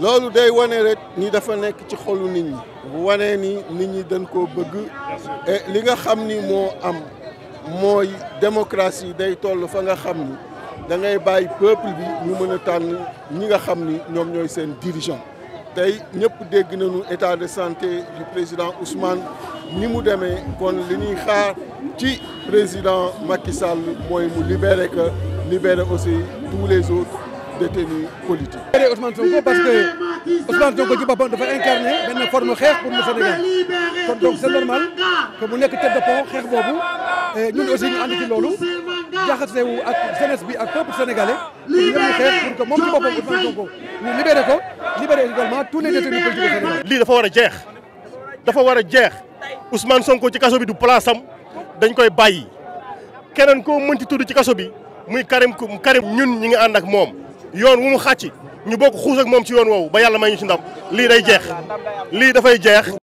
loolu day wane rek ni dafa nekk ci xolu nit ñi bu wanee ni nit ñi dañ koo bëgg li nga xam ni moo am mooy démocratie day toll fa nga xam ni dangay bàyyi peuple bi ñu mën a tànn ñi nga xam ni ñoom ñooy seen dirigeant tey ñëpp dégg nañu état de santé du président Ousmane ni mu demee kon li ñuy xaar ci président Macky Sall mooy mu libérer que libérer aussi tous les autres détenus politiques. libérer Ousmane Sonko parce que Ousmane Sonko ci boppam dafa incarner mu nekk tête de aussi ñu ànd ci loolu jaxase wu ak jeunesse bi ak peuple sénégalais pour ñu xeex pour que moom ci boppam Ousmane Sonko ñu libérer ko tous les détenus politiques du Sénégal. lii dafa war a jeex dafa war a jeex Ousmane Sonko ci kaso bi du place am. dañ koy bàyyi keneen koo mënti tudd ci kaso bi muy Karim Karim ñun ñu ngi ànd ak moom yoon wu mu xàcc ñu bokk xuus moom si yoon woowu ba yàlla may ñu ci ndam lii day jeex lii dafay jeex